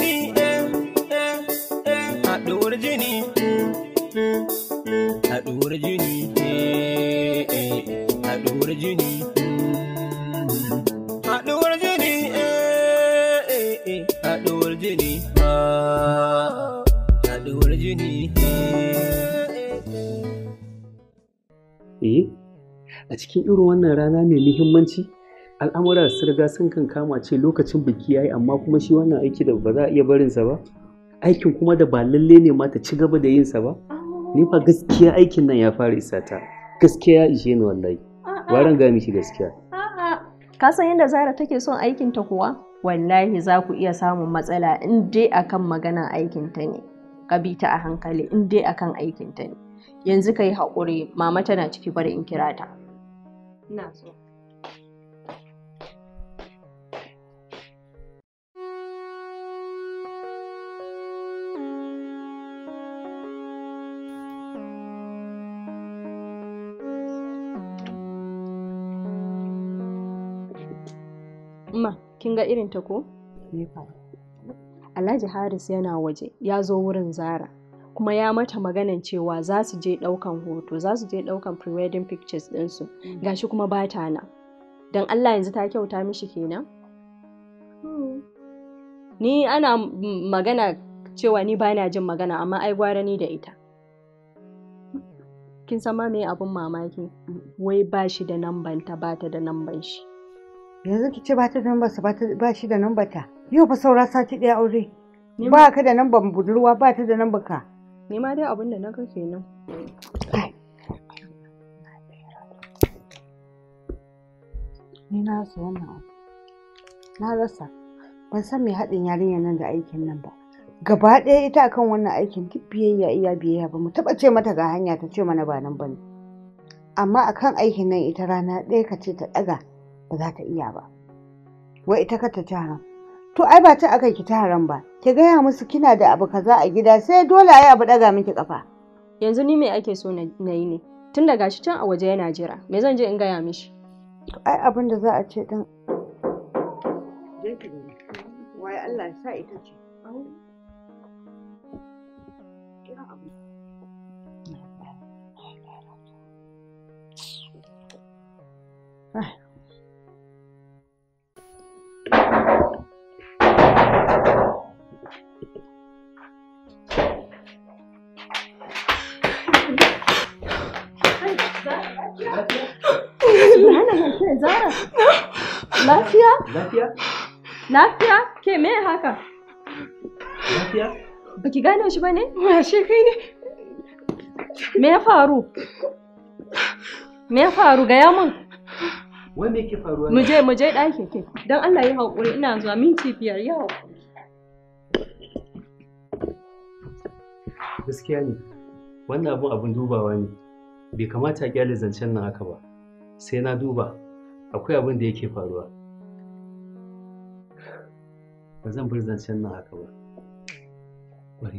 Eh, eh, eh, jini haɗuwar a cikin irin wannan rana mai muhimmanci al'amura su riga sun kan kama ce lokacin biki yayi amma kuma shi wannan aiki da ba za a iya barinsa ba aikin kuma da ba lalle ne ma ta ci gaba da yinsa ba oh. ni fa gaskiya aikin nan ya fara isa ta gaskiya ishe ni wallahi ah, waran ah. ga miki gaskiya ah, ka san yadda Zara take son aikin ta kuwa wallahi za ku iya samun matsala in dai akan maganar aikin ta ne ka bi ta a hankali in dai akan aikin ta ne yanzu kai haƙuri mama tana ciki bari in kira ta ina so kin ga irin ta ko eh Alhaji Haris yana waje ya zo wurin Zara kuma ya mata maganan cewa za su je ɗaukan hoto za su je ɗaukan pre-wedding pictures ɗinsu mm. gashi kuma ba ta nan don Allah yanzu ta kyauta mishi kenan hmm. ni ana magana cewa ni bana jin magana amma ai gwara ni da ita kin sama mai abin mamaki mm. wai ba shi da nambanta ba ta da namban shi yanzu ki ce ba ta da number ba shi da nan ta yau fa saura sati ɗaya aure ba ka da nan ba budurwa ba ta da nan ka ni ma dai abin da na ga nan ni na rasa wannan na rasa ban san me haɗin yarinyar nan da aikin nan ba gaba ɗaya ita akan wannan aikin duk biyayya iya biyayya ba mu taɓa ce mata ga hanya ta ce mana ba nan ba ne amma akan aikin nan ita rana ɗaya ka ce ta ɗaga ba za ta iya ba wai ita ka ta haram to ai ba ta aka ki ta haram ba ki gaya musu kina da abu kaza a gida sai dole ai abu daga miki kafa yanzu ni me ake so na yi ne tun da shi can a waje yana jira me zan je in gaya mishi to ai abin da za a ce din wai Allah ya sa ita ce Ah. Lafiya? Lafiya? Lafiya? Ke me haka? Lafiya? Baki gane shi ba ne? Washe kai ne. Me ya faru? Me ya faru gaya mun? Wai me ke faruwa? Mu je mu je ke. Dan Allah yi haƙuri ina zuwa minti biyar yau Gaskiya ne. Wannan abu abun dubawa ne. Bai kamata a kyale zancen nan haka ba. Sai na duba. Akwai abin da yake faruwa. ba zan bar zancen nan haka ba. Bari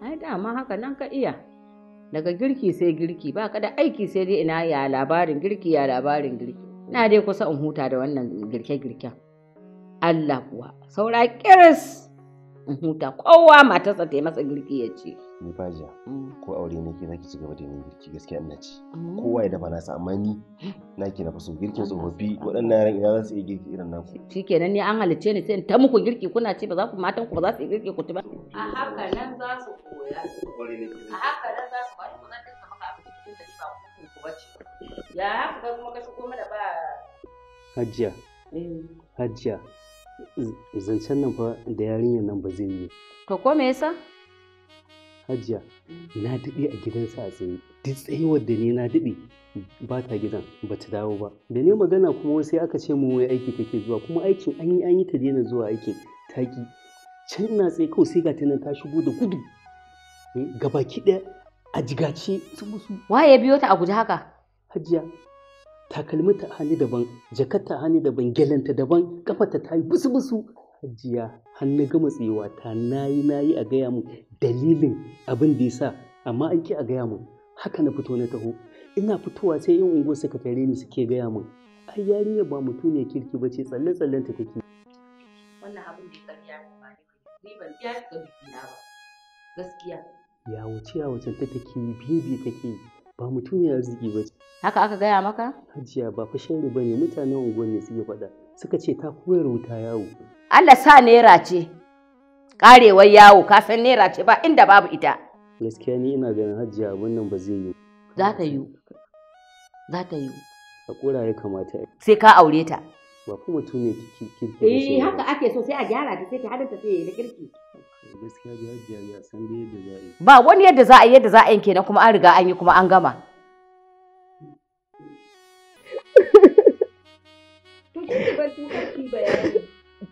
Ai dama haka nan ka iya. Daga girki sai girki ba ka da aiki sai dai ina ya labarin girki ya labarin girki. Na dai kusa in huta da wannan girke-girken. Allah kuwa saura kiris. huta kowa matarsa ta yi masa girki ya ci. Ni fajiya mm. ko aure ne ke zaki cigaba da yin girki gaskiya ina ci. Mm. Kowa ya dafa nasa amma ni naki na faso girkin tsofaffi waɗannan yaran ina za su iya girki irin naku. Shikenan ni an halice ni sai in ta muku girki kuna ci ba za ku matan ku ba za su iya girki ku ci ba. A haka nan za su koya. A haka nan za su koya kuma zan maka abincin da ba ku ba ci. Ya haka kuma ka shigo mana ba. Hajiya. Eh. Hajiya. zancen nan fa da yarinyar nan ba zai yi to ko me yasa hajiya mm. na daɗe a gidansa a tsaye duk tsayuwar da ne na daɗe ba ta gidan ba ta dawo ba da ne magana kuma sai aka ce mu wai aiki take zuwa kuma aikin an yi an yi ta daina zuwa aikin taki can na tsaye kawai sai ga ta nan ta shigo da gudu eh, gabaki ɗaya a jigace su waye biyo ta a guji haka hajiya takalmi ta hannu daban jakar ta hannu daban gyalanta daban kafata ta yi busu busu hajiya hannu gama tsewa ta nayi nayi a gaya mu dalilin abin da yasa amma an ki a gaya mu haka na fito na taho ina fitowa sai yan unguwar sakatare ne suke gaya mu ai yarinya ba mutum ne kirki ba ce tsalle tsallen ta take wannan abin da ya karya ne ba ni ban biya ka ba gaskiya ya wuce ya wuce ta take bibi take ba ya arziki ba ce. Haka aka gaya maka? Hajiya ba fa shan ba ne mutanen unguwar ne suke faɗa. Suka ce ta koyar wuta yawo. Allah sa naira ce. Karewar yawo ka san naira ce ba inda babu ita. Gaskiya ni ina ganin hajiya abin nan ba zai yi. Za ta yi. Za ta yi. A kura ya kamata. Sai ka aure ta. Ba kuma mutum ne kirki. Eh haka ake so sai a gyara ta sai ta hadanta sai ya yi da kirki. gaskiya da ya san da yadda za a yi ba wani yadda za a yi yadda za a yi kenan kuma an riga an yi kuma an gama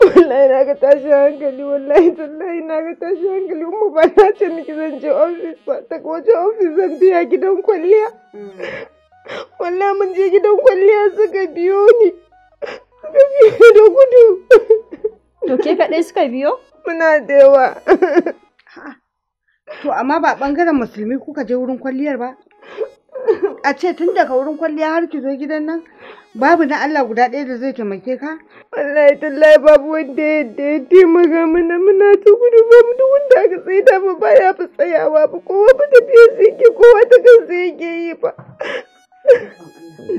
wallahi na ga tashin hankali wallahi tallahi na ga tashin hankali kuma ba ta ce miki zan je ofis ba ta wajen ofis zan biya gidan kwalliya hmm. wallahi mun je gidan kwalliya suka biyo ni suka biyo da gudu to ke kaɗai suka biyo muna da yawa to amma ba ɓangaren musulmi kuka je wurin kwalliyar ba a ce tun daga wurin kwalliya har ki zo gidan nan babu na Allah guda ɗaya da zai taimake ka wallahi tallahi babu wanda ya taimaka mana muna ta gudu ba mu wanda aka tsaida ba baya fi tsayawa ba kowa ba ta su yake kowa ta kansa yake yi ba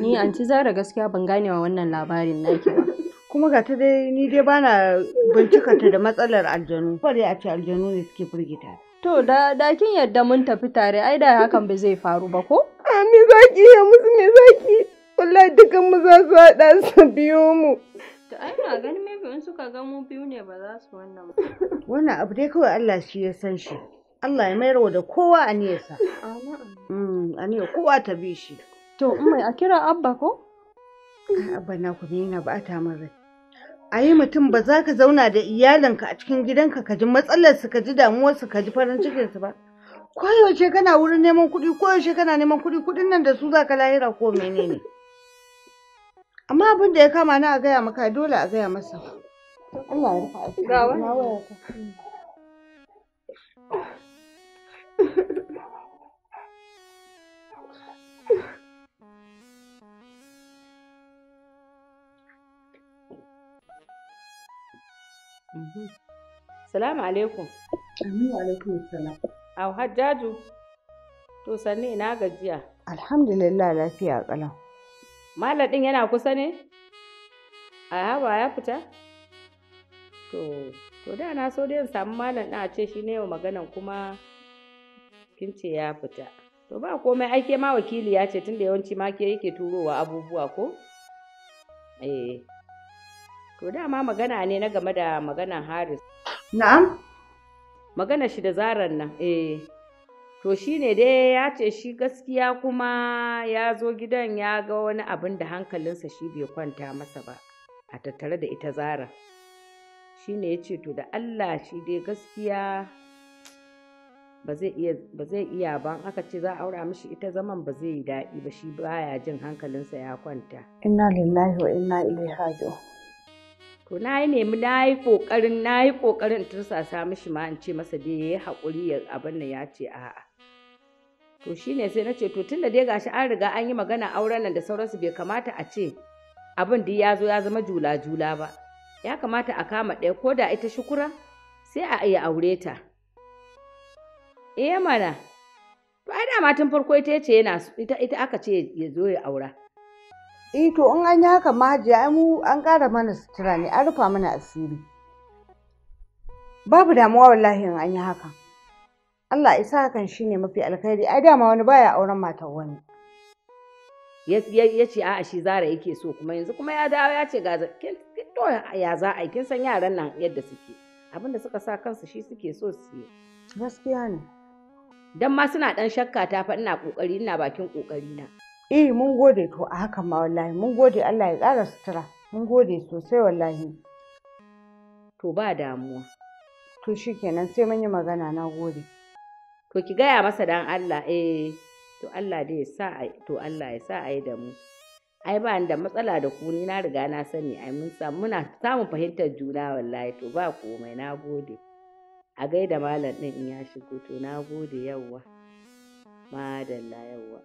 ni an ci zara gaskiya ban ganewa wannan labarin naki ba kuma ga ta dai ni dai bana bincika ta da matsalar aljanu bari a ce aljanu ne suke firgita to da da kin yadda mun tafi tare ai da hakan ba zai faru ba ko a ah, me zaki ya musu me zaki wallahi dukan mu za su hada su biyo mu to ai na gani me in suka ga mu biyu ne ba za su wannan ba wannan abu dai kawai Allah shi ya san shi Allah ya mayar da kowa a niyarsa. Amin. Mm, aniyar kowa ta bi shi. To, mai a kira Abba ko? Abba na ku ne na ba ta min rai. ayi mutum ba za ka zauna da iyalinka a cikin gidanka ka ji matsalarsu ka ji damuwarsu ka ji farin cikinsu ba koyaushe kana wurin neman kuɗi koyaushe kana neman kuɗi kuɗin nan da su za ka lahira ko menene amma abin da ya kama na a gaya maka dole a gaya masa Allah ya rufa Salamu alaikum. Salamu alaikum salam. Au Hajjaju. To sanni ina gajiya. Alhamdulillah lafiya kalam. Malam din yana kusa ne? A haba ya fita? To, to da na so dai in samu malam a ce shi ne maganan kuma kin ce ya fita. To ba komai aike ma wakili ya ce tunda yawanci ma ke yake turowa abubuwa ko? Eh. To dama magana ne na game da maganan Haris. Na'am? Magana shi da zarar nan, eh. To shi ne dai ya ce shi gaskiya kuma ya zo gidan ya ga wani abin da hankalinsa shi bai kwanta masa ba a tattare da ita zara. Shi ne ya ce to da Allah shi dai gaskiya ba zai iya ban aka ce za a aura mishi ita zaman ba zai yi daɗi ba shi baya jin hankalinsa ya kwanta. Inna lillahi wa inna ilaihi raji'un. to na yi nemi na yi ƙoƙarin na yi ƙoƙarin tursasa mishi ma in ce masa dai ya yi haƙuri ya abin nan ya ce a'a to shine sai na ce to tunda dai gashi an riga an yi magana auren nan da sauransu bai kamata a ce abin duk ya zo ya zama jula-jula ba ya kamata a kama ɗaya ko da ita shukura sai a iya aure ta eh mana to ai da tun farko ita ce yana ita aka ce ya zo ya aura eh to in an yi haka majiya mu an ƙara mana sutura ne an rufa mana asiri babu damuwa wallahi in an yi haka Allah isa hakan shi ne mafi alkhairi ai dama wani baya auren matar wani ya ce a'a shi zara yake so kuma yanzu kuma ya dawo ya ce ga to ya za a kin san yaran nan yadda suke abinda suka sa kansu shi suke so su yi gaskiya ne dan ma suna dan shakka ta fa ina kokari ina bakin kokari na eh mun gode to a hakan ma wallahi mun gode Allah ya ƙara sutura mun gode sosai wallahi to ba damuwa to shikenan sai mun yi magana na gode to ki gaya masa dan Allah eh to Allah dai ya sa to Allah ya sa ai da mu ai ba da matsala da ku ni na riga na sani ai mun samu muna samun fahimtar juna wallahi to ba komai na gode a gaida malam din in ya shigo to na gode yawwa madalla yawwa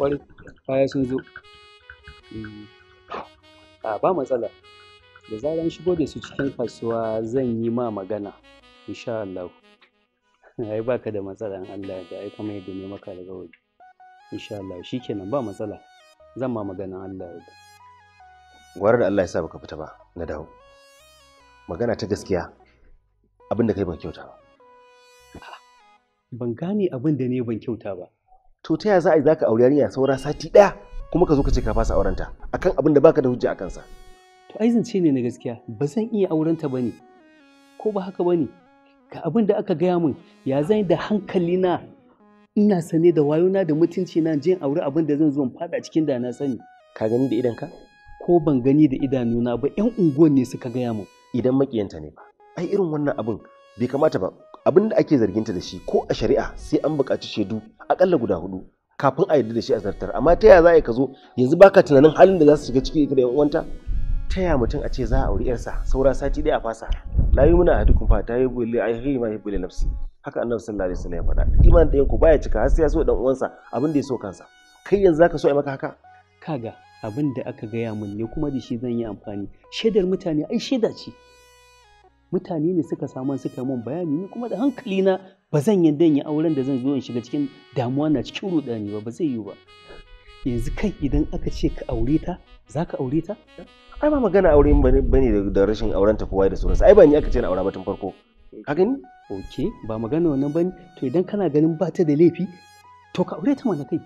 ƙwarai kaya sun zo hmm. a ah, ba matsala da zaran shigo da su cikin kasuwa zan yi ma magana insha Allah ai ka da matsala in Allah ya ai kamar yadda ne maka daga waje insha Allah shikenan ba matsala zan ma magana Allah ya gwara da Allah ya sa baka fita ba na dawo magana ta gaskiya abinda da kai ban kyauta ban gane abin da ne ban kyauta ba to ta yaya za a yi zaka aure yarinya saura sati ɗaya kuma ka zo ka ce ka fasa aurenta akan abin da baka da hujja a kansa to ai zance ne na gaskiya ba zan iya aurenta ba ne ko ba haka ba ne ga abin da aka gaya min ya zan da hankali na ina sane da wayona da mutunci na jin aure abin da zan zo fada cikin da sani ka gani da idan ka ko ban gani da idanuna ba yan unguwan ne suka gaya min idan makiyanta ne ba ai irin wannan abin bai kamata ba abin da ake zarginta da shi ko a shari'a sai an buƙaci shaidu akalla guda hudu kafin a yarda da shi a zartar amma ta yaya za a ka zo yanzu baka tunanin halin da za su shiga ciki ita da uwanta ta yaya mutum a ce za a auri yarsa saura sati ɗaya a fasa la yi muna hadukun fa ta yi bulle a yi ma yubbul nafsi haka annabi sallallahu alaihi wasallam ya faɗa iman ɗayan ku baya cika har sai ya so dan uwansa abin da ya so kansa kai yanzu zaka so a maka haka kaga abin da aka gaya mun ne kuma da shi zan yi amfani shaidar mutane ai shaida ce mutane ne suka samu suka mun bayani ni kuma da hankali na ba zan yadda in yi auren da zan zo in shiga cikin damuwa na cikin rudani ba ba zai yiwu ba yanzu kai idan aka ce ka aure ta za ka aure ta ai ba magana aure bane da rashin auren ta kowa da sauransu ai ba ni aka ce na aura ba tun farko ka gani ok ba magana wannan ne to idan kana ganin ba ta da laifi to ka aure ta mana kai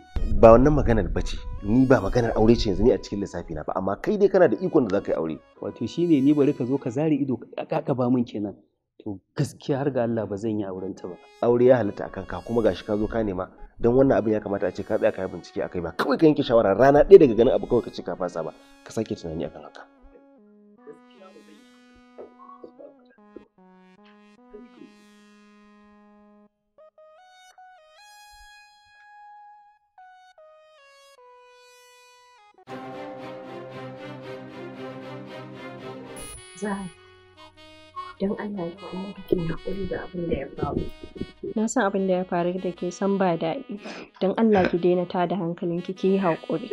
ba wannan maganar bace ni ba maganar aure ce yanzu ni a cikin lissafi na ba amma kai dai kana da ikon da zaka yi aure wato shine ni bari ka zo ka zare ido ka ba mun kenan to gaskiya har ga Allah ba zan yi auren ta ba aure ya halatta akan ka kuma gashi ka zo ka nema don wannan abin ya kamata a ce ka tsaya ka yi bincike akai ba kawai ka yanke shawara rana ɗaya daga ganin abu kawai ka ce ka fasa ba ka sake tunani akan haka kuzari. Don Allah ya annabi ki haƙuri da abin da ya faru. Na san abin da ya faru da ke san ba daɗi. Don Allah ki daina ta da hankalin ki yi haƙuri.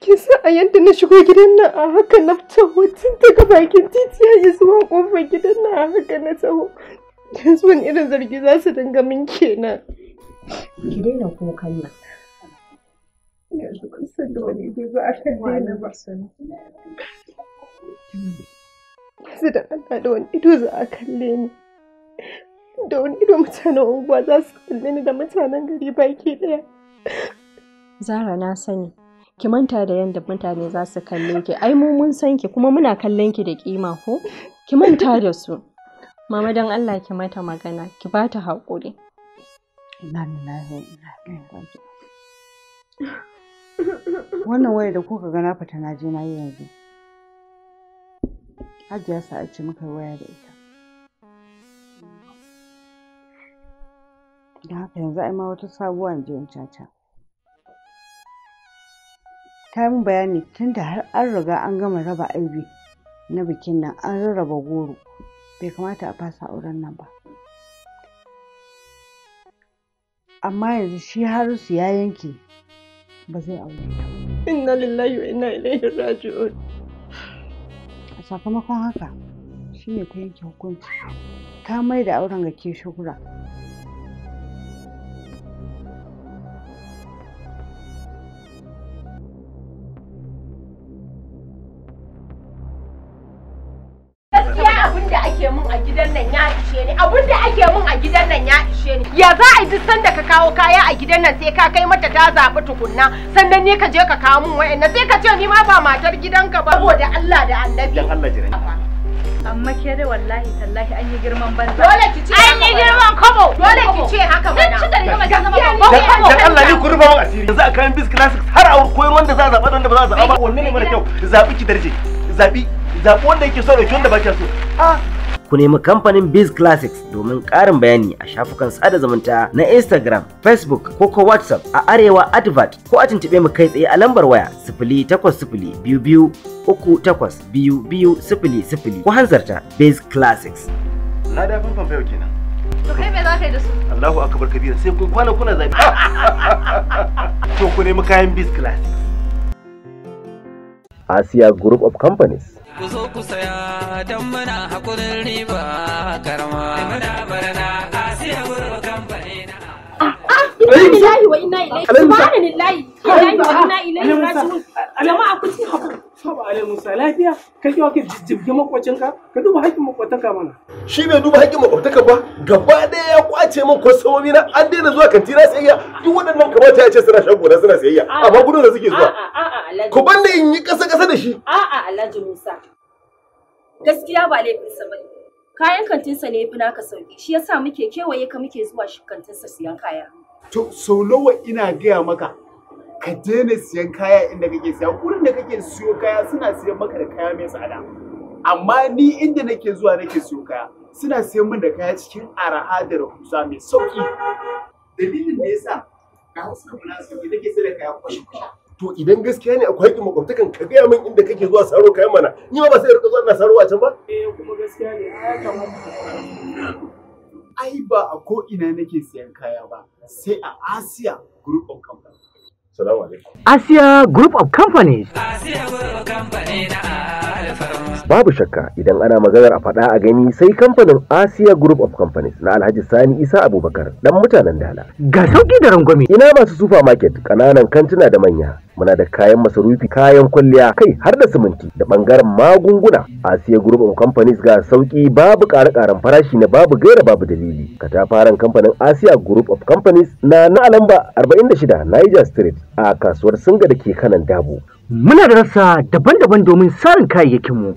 Ki sa a yadda na shigo gidan nan a haka na fita hutun daga bakin titi ya zuwa ƙofar gidan nan a haka na taho. Yanzu wani irin zargi za su dinga min kenan. Ki daina kukan nan. Yanzu kun san da wani ba a kan daina ba. yanzu da Allah da wani ido za a kalle ni da wani ido mutanen unguwa za su kalle ni da mutanen gari baki ɗaya. Zara na sani ki manta da yadda mutane za su kalle ki ai mu mun san ki kuma muna kallon ki da kima ko ki manta da su mama dan Allah ki mata magana ki ba ta haƙuri wannan waya da kuka ga na fita na je na yi yanzu hajiya sa'a ce muka waya da ita don haka yanzu ai ma wata sabuwa in je in caca ta min bayani tunda har an riga an gama raba aibi na bikin nan an rarraba goro bai kamata a fasa auren nan ba amma yanzu shi su ya yanke ba zai aure ta inna lillahi wa inna ilaihi raji'un sakamakon haka shine ta yanke hukunci ta mai da auren ga ke shugura ake a gidan nan ya ishe ni abin da ake mun a gidan nan ya ishe ni ya za a yi duk sanda ka kawo kaya a gidan nan sai ka kai mata ta zaɓi tukunna sannan ne ka je ka kawo mun wa'annan sai ka ce ni ma ba matar gidanka ba saboda Allah da Annabi dan Allah jira amma ke dai wallahi tallahi an yi girman banza dole ki ce an yi girman kobo dole ki ce haka mana sun ci da rigama ta zama babban dan Allah ni ku rufa mun asiri yanzu a kayan bis classics har a koyar wanda za a zaɓa wanda ba za a zaɓa ba wanne ne mara kyau zaɓi ki darje zaɓi zaɓi wanda yake so da wanda ba kya so ah ku nemi kamfanin Biz Classics domin ƙarin bayani a shafukan sada zumunta na Instagram, Facebook ko ko WhatsApp a Arewa Advert ko a tuntube mu kai tsaye a lambar waya 0800 takwas sifili biyu ko hanzarta Biz Classics. Na da fanfan fayo kenan. To kai me za ka yi da su? Allahu akbar kabira sai kun kwana kuna zabi. To ku nemi kayan Biz Classics. Asia Group of Companies. Ku zo ku saya don muna lillahi wa inna ilaihi subhanallahi lillahi wa inna ilaihi raji'un jama'a ku ci hakuri saba alai musa lafiya ka kiwa ka jijjibge makwacinka ka duba haƙƙin makwataka mana shi bai duba haƙƙin makwataka ba gaba ɗaya ya kwace min kwasomomi na an daina zuwa kantina sayayya duk waɗannan kamata ya ce suna shan gona suna sayayya amma gudun da suke zuwa ku banda in yi ƙasa ƙasa da shi a'a alhaji musa gaskiya ba laifinsa ba kayan kantinsa ne ya fi naka sauƙi shi yasa muke kewaye ka muke zuwa shi kantinsa siyan kaya to sau nawa ina gaya maka ka daina siyan kaya inda kake siya wurin da kake siyo kaya suna siyan maka da kaya mai tsada amma ni inda nake zuwa nake siyo kaya suna siyan min da kaya cikin araha da rahusa mai sauki dalilin da yasa ga hausa kuma sauki nake sayar da kaya kwashe to idan gaskiya ne akwai haƙƙin makwabtakan ka gaya min inda kake zuwa saro kayan mana ni ma ba sai rika zuwa ina saro a can ba eh kuma gaskiya ne ya kamata ai ba a ko ina nake siyan kaya ba sai a Asia Group of Companies. Assalamu alaikum. Asia Group of Companies. Asia Group of Companies babu shakka idan ana maganar a faɗa a gani sai kamfanin Asia Group of Companies na Alhaji Sani Isa Abubakar dan mutanen Dala. Ga sauki da rangwame. Ina masu market kananan kantuna da manya muna da kayan masarufi kayan kwalliya kai har da siminti da ɓangaren magunguna Asiya Group of Companies ga sauƙi babu ƙare-ƙaren farashi na babu gaira babu dalili. Katafaren kamfanin Asia Group of Companies na na Alamba 46 Niger Street a kasuwar Singa da ke kanan Dabo. Muna da rasa daban-daban domin sarin kayayyakinmu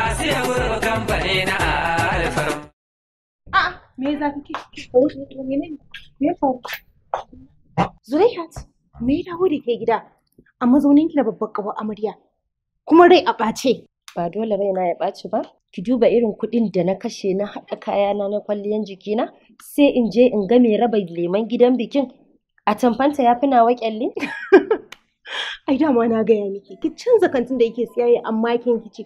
A'a, me za ka ke? Me ya faru? Zulaihat, me ya dawo da ke gida a mazauninki da babbar ƙawar amarya? Kuma rai a ɓace. Ba dole raina ya ɓace ba. Ki duba irin kuɗin da na kashe na haɗa kayana na kwalliyan jikina sai in je in ga mai raba leman gidan bikin a tamfanta ya fi nawa ƙyalli. Ai dama na gaya miki, ki canza kantin da yake siyayya amma kin kici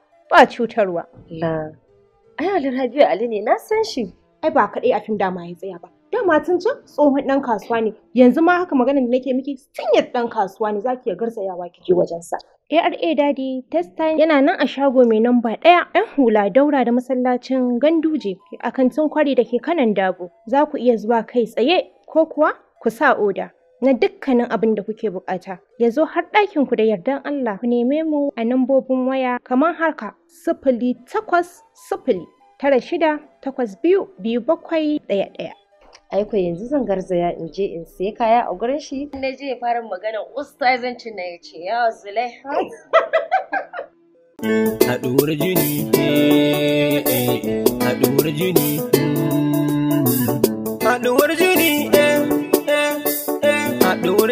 ba cutarwa. La. Ai Alhaji Ali ne na san shi. Ai ba kaɗai a fim dama ya tsaya ba. Dama tun can tsohon ɗan kasuwa ne. Yanzu ma haka maganar da nake miki sinyar ɗan kasuwa ne zaki ya garzayawa kike wajen sa. ARA Daddy test time yana nan a shago mai namba ɗaya ɗan hula daura da masallacin Ganduje a kantin kwari da ke kanan dago. Za ku iya zuwa kai tsaye ko kuwa ku sa oda. na dukkanin abin da kuke bukata. Ya zo har ɗakin ku da yardan Allah ku neme mu a nambobin waya kamar harka sifili takwas sifili tara shida takwas biyu biyu bakwai ɗaya ɗaya. aiko yanzu zan garzaya in je in sai kaya a gurin shi. Na je fara magana ustazanci na ya ce ya zule. Haɗuwar jini, eh, eh, eh, haɗuwar jini.